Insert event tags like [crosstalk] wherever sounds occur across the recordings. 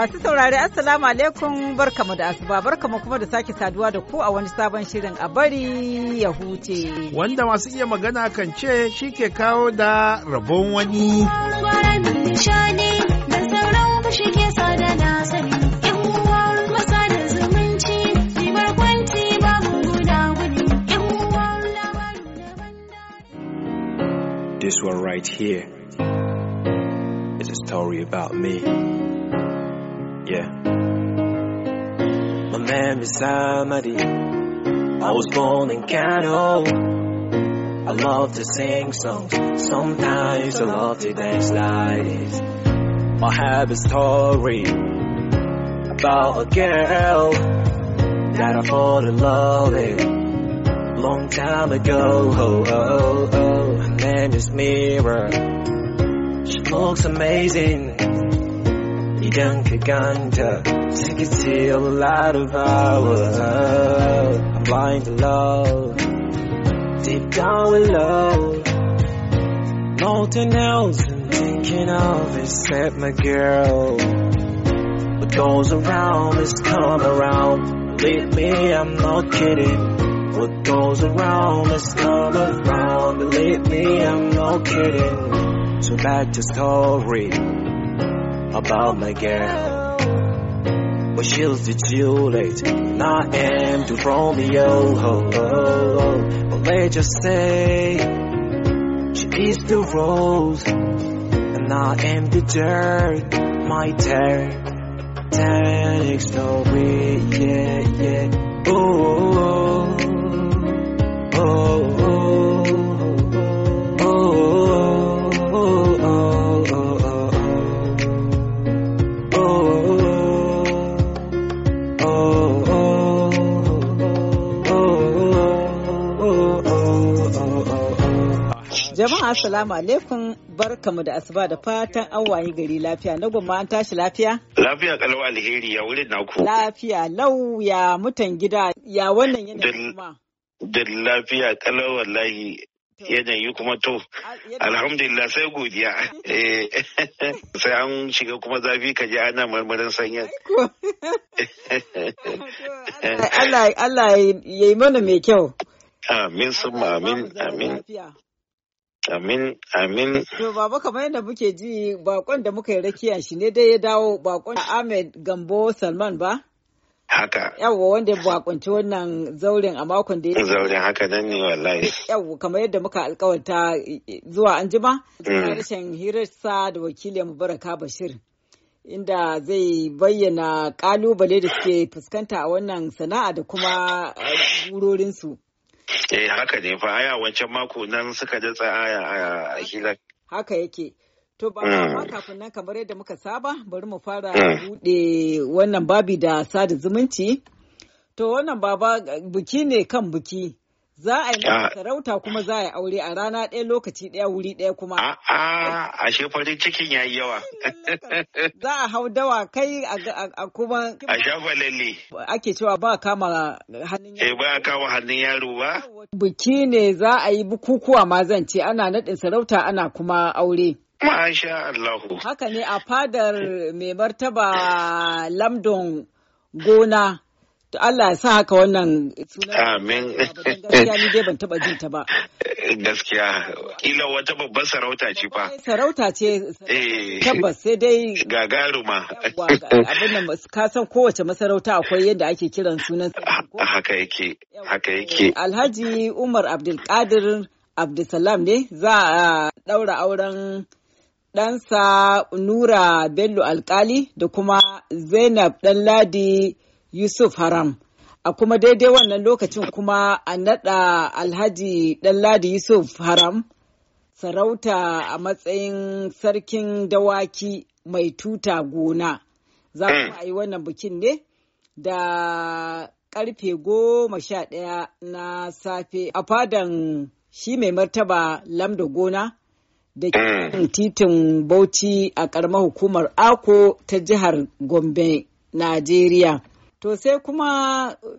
Masu saurari Assalamu alaikum barkamu da asuba barkamu kuma da sake saduwa da ku a wani sabon shirin a bari ya huce. Wanda masu iya magana kan ce shi ke kawo da rabon wani. This one right here is a story about me. Yeah. My name is Amadi. I was born in Kano. I love to sing songs. Sometimes I love to dance like this. I have a story about a girl that I fall in love with long time ago. Oh, oh, oh, Her name is She looks amazing 끊겨간다 You can see a lot of hours Blind love Deep down we love Nothing else I'm thinking of except my girl What goes around is come around Believe me, I'm not kidding What goes around is come around Believe me, I'm not kidding So back to story about my girl. But she she's the Juliet, and I am the Romeo. Oh, oh, oh. But let's just say, she is the rose, and I am the dirt, my dirt. Titanic story, yeah, yeah. Oh, oh, oh. oh. oh, oh. Assalamu salamu alaikum barkamu da asuba da fatan an wayi gari lafiya na gumma an tashi lafiya lafiya kalau alheri ya wurin naku lafiya lau ya mutan gida ya wannan yanayi kuma da lafiya kalau wallahi yanayi kuma to alhamdulillah sai godiya [laughs] eh, [laughs] sai an shiga kuma zafi ka ji ana marmarin sanya. [laughs] Allah ya yi mana mai kyau amin sun amin amin Amin, amin. To, baba kamar yadda muke ji bakon da muka yi rakiya shi ne dai ya dawo bakon Ahmed Gambo Salman ba? Haka. Yawwa wanda bakunci wannan zauren a makon da ya Zauren haka nan ne wallahi. Yawwa kamar yadda muka alkawarta zuwa anjima. Mm. Harshen hirarsa da wakilin Mubaraka Bashir. inda zai bayyana kalubale da suke fuskanta a wannan sana'a da kuma eh, burorinsu. eh haka ne fa aya wancan mako nan suka datsa aya a hira haka yake To ba hmm. ma kafin nan kamar yadda muka saba bari mu fara hmm. bude wannan babi da sada zumunci. To wannan baba buki ne kan buki Za a yi sarauta kuma za a yi aure a rana ɗaya lokaci ɗaya wuri ɗaya kuma. A'a, a farin cikin ya yi yawa. [laughs] Za a hau dawa kai a kuma. A shafa lalle. Ake cewa ba kama hannun yaro. Eh ba kama hannun yaro ba. Biki ne za a yi bukukuwa ma zan ce ana naɗin sarauta ana kuma aure. Masha Allah! Haka ne a fadar mai martaba Lamdon gona. To Allah ya sa haka wannan suna. Amin. [laughs] Gaskiya ni dai ban taba jin ta ba. Gaskiya kila wata babbar sarauta ce fa. Sarauta ce. Eh. Tabbas sai dai. Gagaruma. Abin nan ka san kowace masarauta akwai yadda ake kiran sunan. Haka yake. Haka eh, yake. Alhaji Umar Abdulkadir Abdulsalam ne za a daura auren ɗansa Nura Bello Alkali da kuma Zainab Ɗanladi Yusuf Haram. A kuma daidai wannan lokacin kuma a naɗa Alhaji Ɗanladi Yusuf Haram sarauta a matsayin sarkin dawaki mai tuta gona. Za mm. a yi wannan bikin ne da ƙarfe goma sha ɗaya na safe a fadan shi mai martaba lamda gona da ke mm. titin bauchi a ƙaramar hukumar ako ta jihar gombe najeriya To sai kuma uh,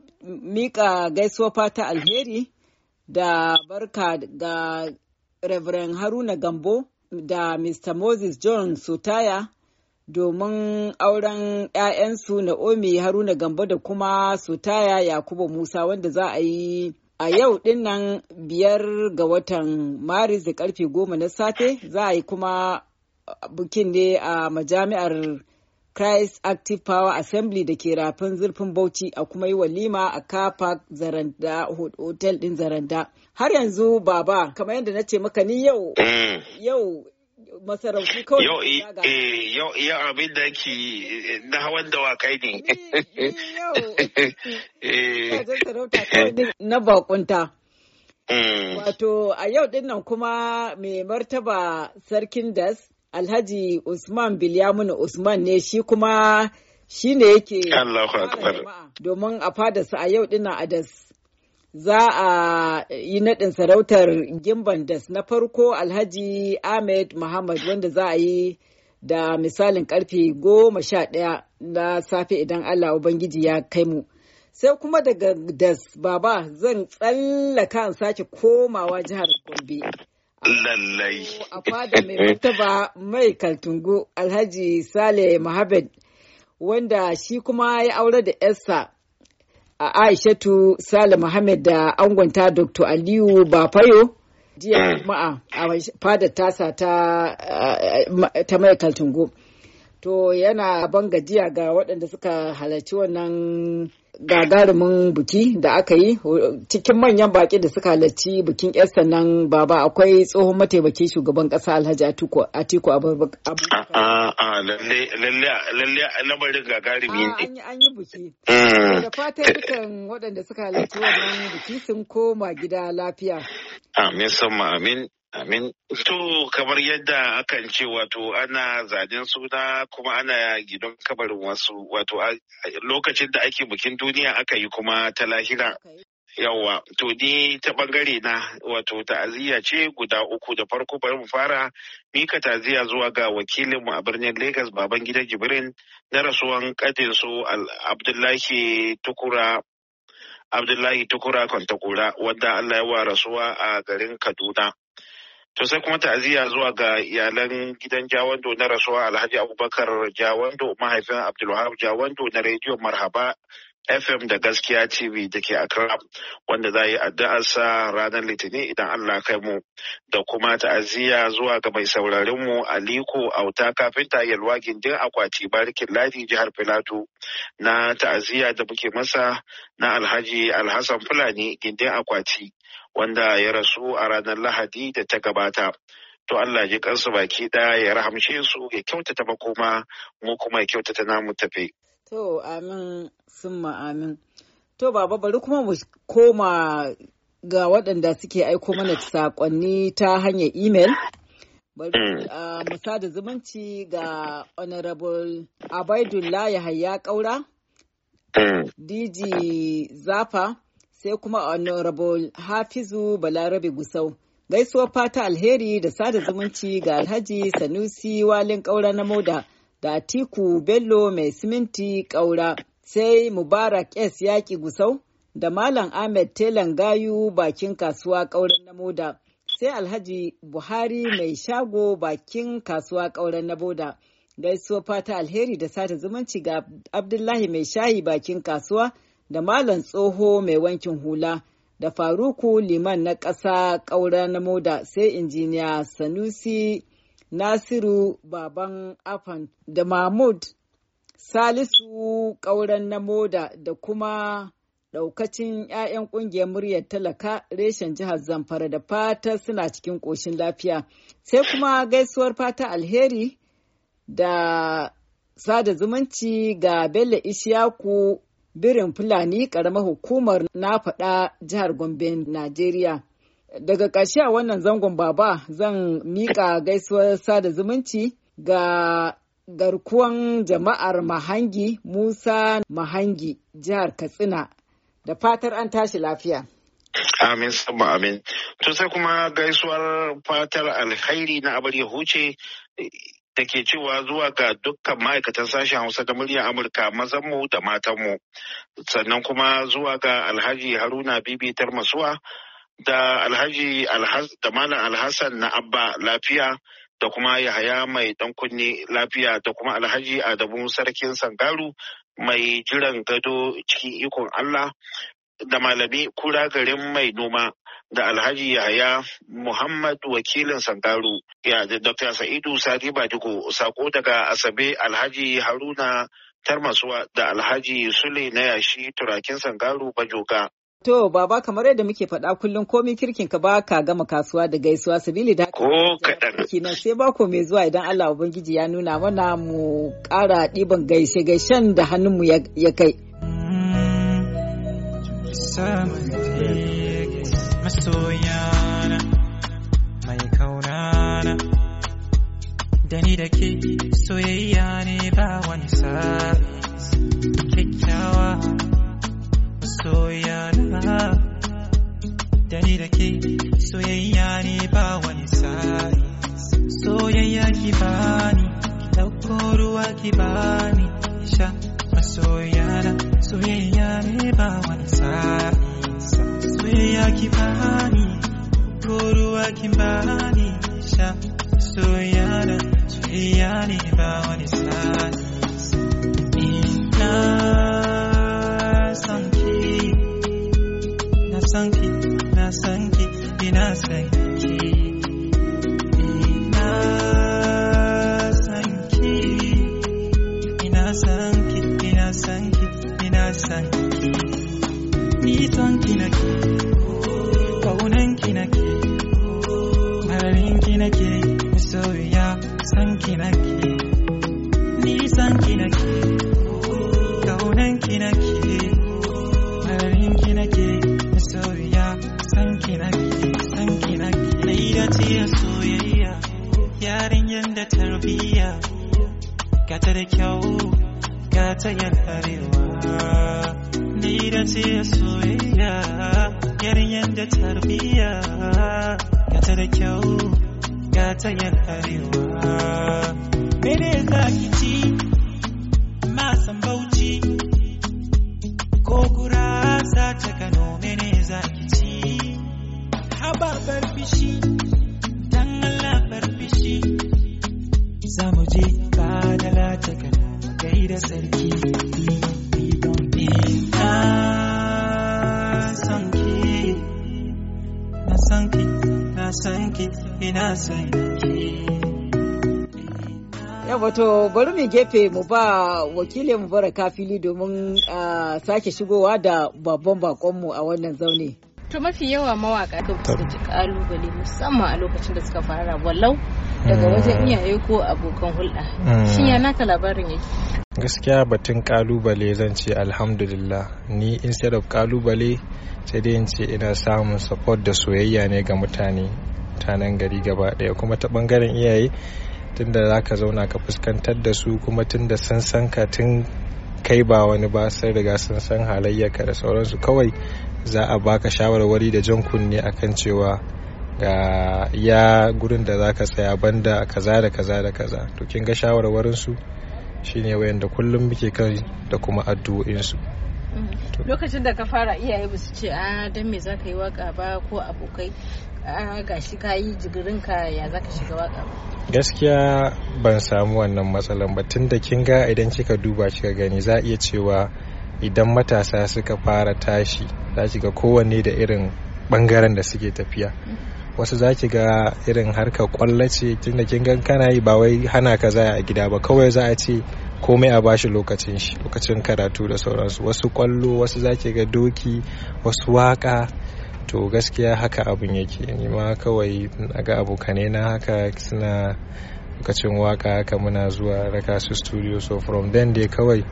mika gaisuwa fata alheri da barka ga Reverend Haruna Gambo da Mr. Moses John Sotaya domin auren 'ya'yansu Naomi Haruna Gambo da kuma Sotaya Yakubu Musa wanda za a yi a yau din biyar ga watan Maris da karfe goma na safe za a yi kuma uh, bukin ne a majami'ar Christ Active Power Assembly da ke rafin zurfin Bauchi a kuma yi walima a Park Zaranda hotel din Zaranda. Har yanzu baba kamar yadda na ce maka ni yau mm. yau masarauki kawai yau eh, yau yau abin da ke na hawan da dawakai ne. Yau [laughs] eh. na bakunta. Mm. Wato a yau din nan kuma mai martaba sarkin das Alhaji Usman Bilyaminu Usman ne shi kuma shi ne yake domin a su a yau dina a das. Za a yi naɗin sarautar Gimban Das na farko Alhaji Ahmed Muhammad wanda za a yi da misalin karfe goma sha ɗaya na safe idan Allah Ubangiji ya kai mu. Sai kuma daga Das Baba zan tsallaka sake komawa jihar Gombe. Lallai. A fada mai [laughs] martaba mai kaltungu Alhaji Sale Muhammad wanda shi kuma ya aure da yarsa a Aishatu Sale Muhammad da angonta Dr. Aliyu Bafayo jiya Juma'a mm. a fadar tasa ta mai kaltungu. To yana ban gajiya ga waɗanda suka halarci wannan gagarumin buki da aka yi cikin manyan baki da suka halarci bikin yar sannan baba akwai tsohon mataimakin shugaban kasa alhaji atiku atiku abubakar lalle lamarin gagarumi ne an yi buki. Mm. da fatan dukan waɗanda suka halarci wannan buki sun koma gida lafiya amin sama amin Amin. To kamar yadda akan ce wato ana zanen suna kuma ana gidan kabarin wasu wato lokacin da ake bikin duniya aka yi kuma ta lahira. Yawwa, to ni ta bangare na wato ta'aziyya ce guda uku da farko bari mu fara mika ta'aziyya zuwa ga wakilinmu a birnin Legas baban gida Jibrin na rasuwan kadin su Abdullahi Tukura Abdullahi Tukura Kwantakura wanda Allah ya wa rasuwa a garin Kaduna. To kuma ta'aziyya zuwa ga iyalan gidan Jawando na rasuwa Alhaji Abubakar Jawando mahaifin Abdulwahab Jawando na rediyon Marhaba FM da Gaskiya TV da ke Accra wanda za yi sa ranar Litinin idan Allah kai mu da kuma ta'aziyya zuwa ga mai sauraron mu Aliko Auta kafinta Yalwa gindin akwati Barikin Ladi jihar Filato na ta'aziyya da muke masa na Alhaji Alhassan Fulani gindin akwati wanda ya rasu a ranar Lahadi da ta gabata. To Allah ji kansu baki ɗaya ya rahamshe su ya kyautata makoma mu kuma ya kyautata namu tafe. To amin summa amin. To baba bari kuma mu koma ga waɗanda suke aiko mana saƙonni ta hanyar imel. Bari uh, mu sada zumunci ga Honorable abaidullahi Yahaya Kaura, mm. DG Zafa, sai kuma honorable hafizu balarabe gusau gaisuwar fata alheri da sada zumunci ga alhaji sanusi walin ƙaura na moda da atiku bello mai siminti ƙaura. sai mubarak s yaƙi gusau da malam ahmed telan gayu bakin kasuwa kauran na moda sai alhaji buhari mai shago bakin kasuwa kauran na moda gaisuwar fata alheri da sada zumunci ga abdullahi mai shayi bakin kasuwa da Malam Tsoho mai wankin hula da Faruku Liman na ƙasa ƙaura na moda sai injiniya Sanusi Nasiru Baban Afan da Mahmud Salisu ƙauren na moda da kuma ɗaukacin 'ya'yan ƙungiyar muryar talaka reshen jihar Zamfara da fata suna cikin ƙoshin lafiya. Sai kuma gaisuwar fata alheri da sada zumunci ga Bello ishiyaku. birin Fulani ƙaramar hukumar na faɗa jihar Gombe, Najeriya. Daga ƙarshe a wannan zangon baba zan miƙa gaisuwar sada zumunci ga garkuwan jama'ar Mahangi Musa Mahangi jihar Katsina da fatar an tashi lafiya. Amin sabba amin. To sai kuma gaisuwar fatar alkhairi na abar ya huce da ke cewa zuwa ga dukkan ma'aikatan sashen Hausa da muryar Amurka mazan mu da matan mu sannan kuma zuwa ga Alhaji Haruna Bibi Tarmasuwa da Alhaji da Malam Alhassan na Abba Lafiya da kuma Yahaya mai dan kunne lafiya da kuma Alhaji Adamu Sarkin Sangaru mai jiran gado cikin ikon Allah da malami kura garin mai noma da Alhaji Yahaya Muhammad wakilin Sangaro. ya da Dr. Sa'idu Sadi Badiko sako daga Asabe Alhaji Haruna Tarmasuwa da Alhaji Sule na yashi turakin Sangaru Bajoka. To, baba kamar yadda muke faɗa kullum komi kirkin ka ba ka gama kasuwa da gaisuwa sabili da ko kaɗan. kina, sai bako mai zuwa idan Allah Ubangiji ya nuna mana mu ƙara ɗiban gaishe gaishen da hannunmu ya kai. Mm, masoyana mai kaunana da ni da ke soyayya ne ba wani sabi kyakkyawa masoyana da ni da ke soyayya ne ba wani sabi soyayya ki bani ki ɗauko ruwa ki bani sha masoyana soyayya ne ba wani sabi akibani koru sha ina sanki na sanki na sanki ina sanki ina sanki ina sanki ina sanki ina sanki sanki na gajiyar soyayya yarinyar da tarbiyya ga ta da kyau ga ta yan arewa ni da ce soyayya yarinyar da tarbiyya ga ta da kyau ga ta yan arewa mene za ki ci masan bauchi ko gura za ta gano mene za ki ci habar barbishi bishi za mu je kadala ta da sarki ina san na san na san san wato bari mu gefe mu ba wakilin bara fili domin ah, sake shigowa da babban bakonmu a wannan zaune. to mafi yawa mawaka ka fuskanci kalubale musamman a lokacin da suka fara walau daga mm. wajen iyaye ko abokan hulɗa mm. shin ya naka labarin yake gaskiya batun kalubale zan ce alhamdulillah ni instead of kalubale sai dai in ce ina samun support da soyayya ne ga mutane mutanen gari gaba daya kuma ta bangaren iyaye tunda za ka zauna ka fuskantar da su kuma tunda sun san ka tun kai ba wani ba sai riga sun san halayyarka da sauransu kawai za a baka shawarwari da jan kunne a kan cewa ga ya gurin da zaka tsaya banda kaza da kaza da kaza to kin ga shawarwarin su shine da kullum muke kai da kuma addu'o'insu. Mm-hmm. lokacin da ka fara iyaye ba su ce a ah, dan me zaka yi waka ba ko abokai ah, gashi ka yi jigirin ka ya zaka shiga waka gaskiya ban samu wannan matsalan ba tun da kin ga idan kika duba kika gani za a iya cewa idan matasa suka fara tashi za ki ga kowanne da irin bangaren da suke tafiya wasu za ki ga irin harkar kwallo ce tunda kin gan kana yi ba wai hana ka za a gida ba kawai za a ce komai a bashi lokacin shi lokacin karatu da sauransu wasu kwallo wasu za ki ga doki wasu waka to gaskiya haka abin yake ni ma kawai ga abokanai na haka suna lokacin waka haka muna zuwa raka su studio so from then dai kawai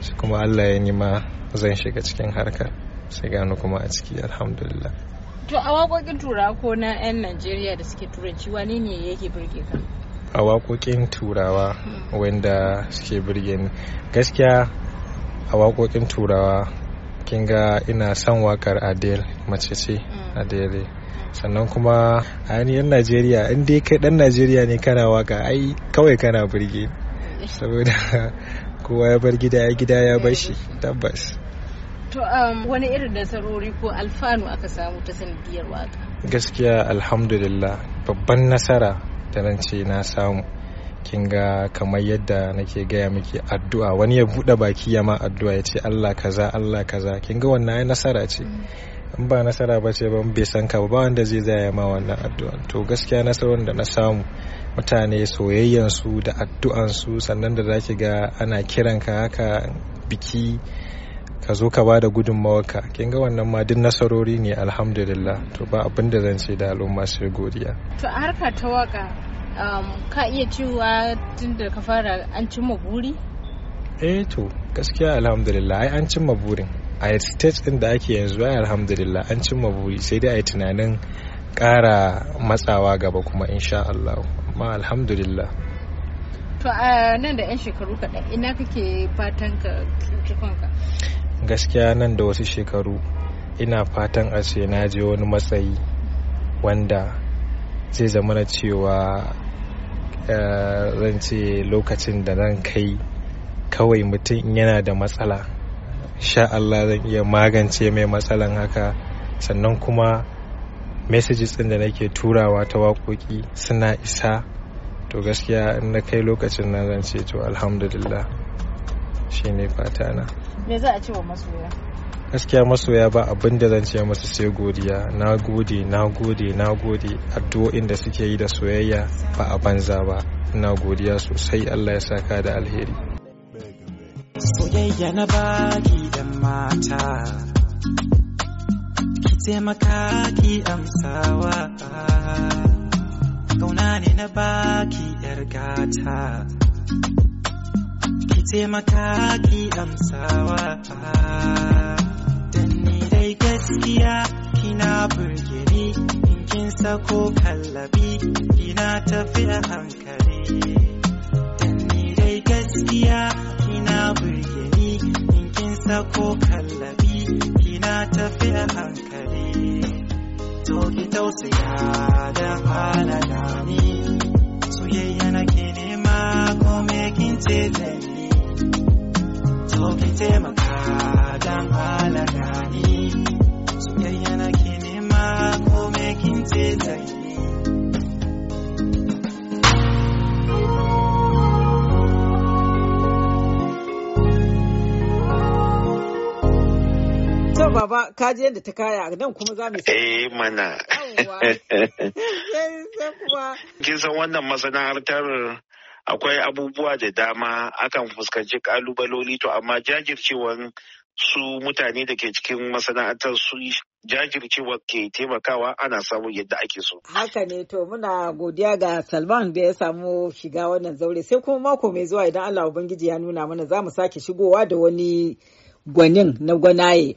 shi kuma Allah ya nima zan shiga cikin harkar sai gano kuma a ciki alhamdulillah to a waƙoƙin turawa ko na 'yan najeriya da suke turanci wani ne yake burge ka a waƙoƙin turawa wanda suke burge ni gaskiya a waƙoƙin turawa kin ga ina son waƙar adel mace ce mm. adele sannan kuma a yan najeriya in dai kai dan najeriya ne kana waka ai kawai kana birge [laughs] saboda kowa ya bar gida ya gida ya bar shi tabbas to um, wani irin nasarori ko alfanu aka samu ta sanadiyar waka gaskiya alhamdulillah babban nasara da nan ce na samu kin ga kamar yadda nake gaya miki addu'a wani ya buɗe baki ya ma addu'a ya ce Allah kaza Allah kaza kin ga wannan nasara ce mm. in ba nasara ba ce ba bai san ka ba wanda zai zaya ma wannan addu'an to gaskiya nasarar da na samu mutane soyayyan su da addu'an su sannan da zaki ga ana kiran ka haka biki ka zo ka bada gudunmawarka kin ga wannan ma duk nasarori ne alhamdulillah to ba abin da zan ce da al'umma sai godiya to a harka ta waka um, ka iya cewa tun da ka fara an cimma buri eh to gaskiya alhamdulillah ai an cimma burin a stage din da ake yanzu ai alhamdulillah an cimma buri sai dai a yi tunanin kara matsawa gaba kuma insha Allah amma alhamdulillah to a nan da 'yan shekaru kaɗan ina kake fatan ka kanka gaskiya nan da wasu shekaru ina fatan a ce na je wani matsayi wanda zai zama na cewa eh, zan ce lokacin da zan kai kawai mutum yana da matsala sha Allah zan iya magance mai matsalan haka sannan kuma messages ɗin da nake turawa ta waƙoƙi suna isa to gaskiya in na kai lokacin na zan ce to alhamdulillah shi ne fatana me za a ce wa masoya gaskiya masoya ba abin da zan ce masu sai godiya na gode na gode na gode addu'o'in da suke yi da soyayya ba a banza ba na godiya sosai allah ya saka da alheri soyayya na baki da mata ki taimaka ki amsawa kauna ne na baki yar gata ki taimaka ki amsawa dan ni dai gaskiya kina burge ni in kin sako kallabi kina tafi a hankali dan ni dai gaskiya kina burge in kin sako kallabi kina tafi hankali to ki tausaya da halala ni soyayya na ke nema ko me kin ce da ni to ki taimaka dan halala ni soyayya na ke nema ko me kin ce da To baba ka je yadda ta kaya nan kuma za mu Eh mana. Kin san wannan masana'antar akwai abubuwa da dama akan fuskanci kalubaloli to amma jajircewan su mutane da ke cikin masana'antar su jajircewa ke taimakawa ana samun yadda ake so. Haka ne to muna godiya ga Salman da ya samu shiga wannan zaure sai kuma mako mai zuwa idan Allah Ubangiji ya nuna mana za mu sake shigowa da wani gwanin na gwanaye.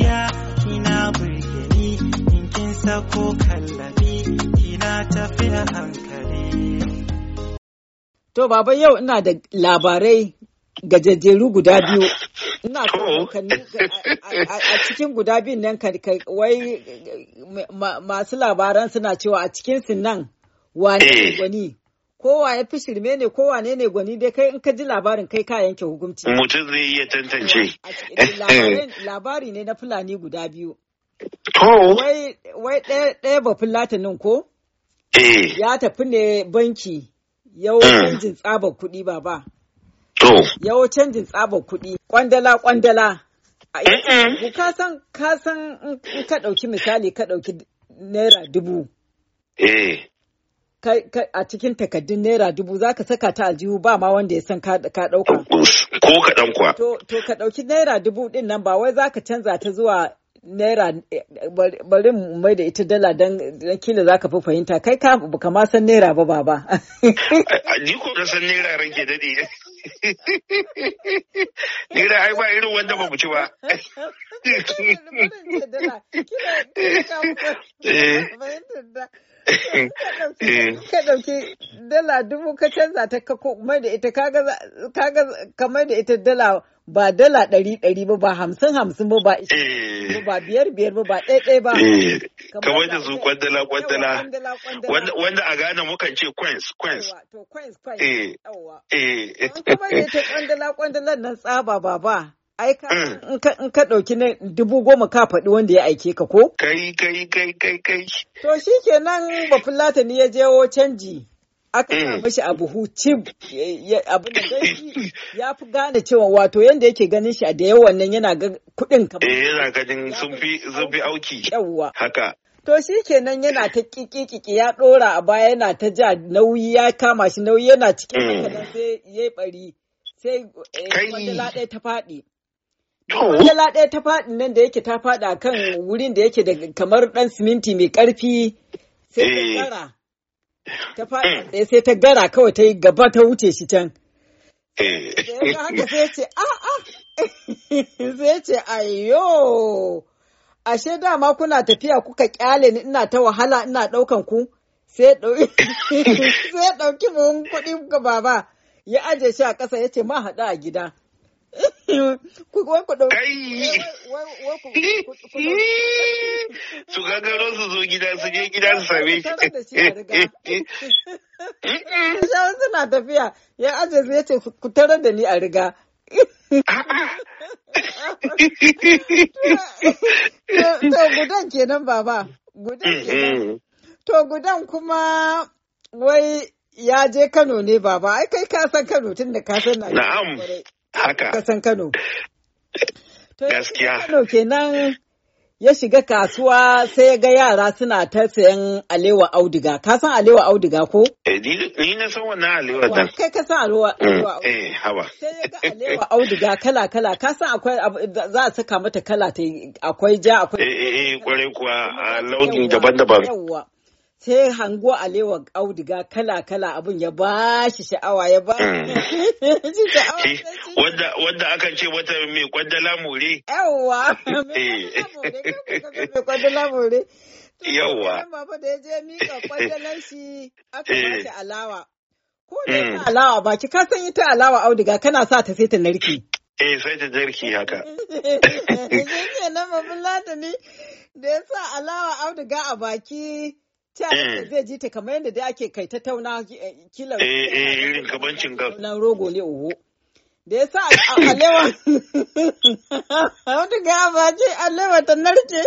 kwalliya kina burgeni in kin sako kallabi kina tafiya hankali to baba yau ina da labarai gajajjeru guda biyu ina a cikin guda biyun nan wai masu labaran suna cewa a cikinsu nan eh. wani wani kowa ya fi shirme ne kowa ne ne gwani dai kai in ka ji labarin kai ka yanke hukunci. Mutum zai iya tantance. Labari ne na Fulani guda biyu. To. Wai ɗaya ba Fulatinin ko? Eh. Ya tafi ne banki yau hmm. canjin tsabar kuɗi ba ba. To. Yau canjin tsabar kuɗi kwandala kwandala. Ka san ka san in ka ɗauki misali ka ɗauki naira dubu. Eh. a cikin takaddun naira dubu za ka saka ta aljihu ba ma wanda ya san ka ɗauka. Ko kaɗan kwa. To ka ɗauki naira dubu ɗin nan ba wai za ka canza ta zuwa naira bari mu mai da ita dala don kila za ka fi fahimta kai ka ba ma san naira ba ba. Ni ko na san naira ranke daɗi. [laughs] Naira ai ba irin wanda ba mu ci ba. [laughs] [laughs] Eh. ka ɗauki dala dubu ka canza ta ka da ita kamar da ita dala ba dala ɗari ɗari ba ba hamsin hamsin ba ba eh. ba biyar biyar ba ba ɗaya ɗaya ba. Eh. Kamar da su kwandala kwandala wanda a Ghana mukan ce kwens kwens. To Kamar da ita kwandala kwandala nan tsaba ba ba. Ai ka in ka ɗauki na dubu goma ka faɗi wanda ya aike ka ko? Kai kai kai kai kai. To shi kenan bafulata ne ya jawo canji. Aka samu mm. shi a buhu cib abin da dai ya fi gane cewa wato yanda yake ganin shi a da yawan nan yana ga kuɗin ka. Eh yana ganin sun fi auki. Yawwa. Haka. To shi kenan yana ta kiki ya ɗora a baya yana ta ja nauyi ya kama shi nauyi yana cikin haka mm. sai ya yi ɓari. sai eh, wanda ɗaya ta faɗi. Kwallala ɗaya ta faɗi nan da yake ta faɗi a kan wurin da yake da kamar ɗan siminti mai ƙarfi sai ta eh. gara. Ta faɗi eh. sai ta gara kawai ta yi gaba ta wuce shi can. Eh. Da haka sai ce a ah, a ah. [laughs] sai ce ayo. Ashe dama kuna tafiya kuka kyale ni ina ta wahala ina ɗaukan ku sai [laughs] ɗauki mun kuɗi ga baba ya aje shi a ƙasa ya ce ma haɗa a gida. ku wai ku su gangaro su zo gida su je gida su same shi [laughs] [laughs] shan suna tafiya ya ajiye zai ce ku tarar da ni a riga [laughs] to gudan kenan baba gudan kenan mm-hmm. to gudan kuma wai ya je Kano ne baba ai kai ka san Kano tun da ka san na na'am haka kasan Kano gaskiya Kano kenan ya shiga kasuwa sai ya ga yara suna ta sayan alewa auduga ka san alewa auduga ko eh, ni na san wannan alewa dan kai ka san alewa mm, eh hawa sai ya ga alewa audiga kala kala ka san akwai za a saka mata kala ta akwai ja akwai eh eh, eh kware kuwa launin daban-daban sai hango alewa auduga kala-kala abin ya ba shi sha'awa ya ba mm. [laughs] shi sha'awa. Eh, Wadda akan ce wata mai kwaddala more. Yawwa, [laughs] mai kwaddala eh. more. Yawwa. Baba da ya je mika kwaddalan shi aka ba shi eh. alawa. Ko ne ta mm. alawa ba ki ka san ita alawa auduga kana sa ta sai ta narki. Eh sai ta narki haka. Sai [laughs] ke nan babin latani da ya sa alawa auduga a baki. ta eh. zai ji ta kamar yadda da ake kai ta tauna eh, kila eh, eh irin kabancin ga nan rogo ne oho da ya sa alewa [laughs] wata gaya ba ce alewa ta narke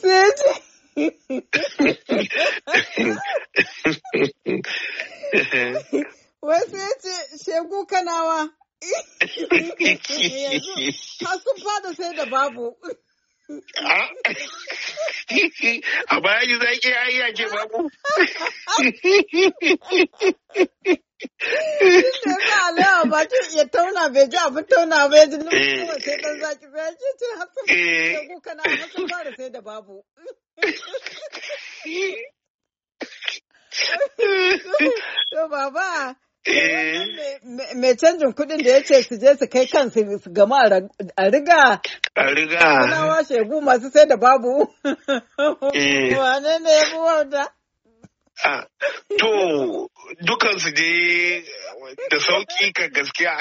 sai ce [laughs] wai sai ce shegu kanawa [laughs] yanzu har sun fada sai da babu A baya zaki ya yi yake babu. Alawa ba ta ya tauna bai ji abin tauna ba ya ji eh. zaki ba ce hasan ya eh. kuka na ba da sai da babu. [laughs] [laughs] baba Eh. Mai canjin kuɗin da ya ce su je su kai kansu su gama a riga. A riga. Kulawa shegu masu sai da babu. Eh. Wane ne ya fi To, dukansu ne da sauki ka gaskiya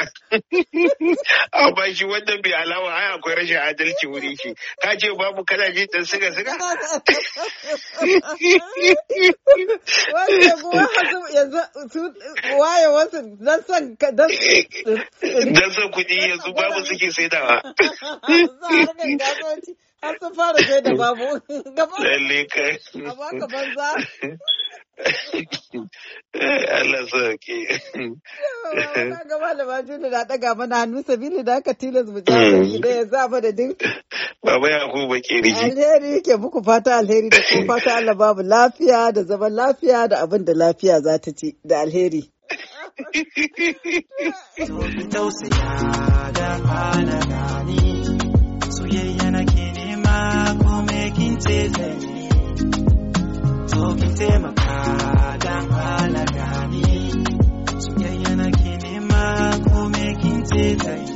a bashi wannan bai alama ai akwai rashin adalci wuri shi ka ce babu kana jin dan siga siga wasu dan san dan kuɗi yanzu babu suke saidawa har sun fara sai da babu gaba ka banza Allah sauke. Ga malama Juna na ɗaga mana hannu sabili da aka tilas mu ja hmm. da ya zaba da din. Baba ya ku ke Alheri ke muku fata alheri da ku fata Allah babu lafiya da zaman lafiya da abin da lafiya za ta ci da alheri. Tausaya da gani, soyayya nake nema ko me ce zai taimaka don ala gani soyayya na ke nema ko me ce ta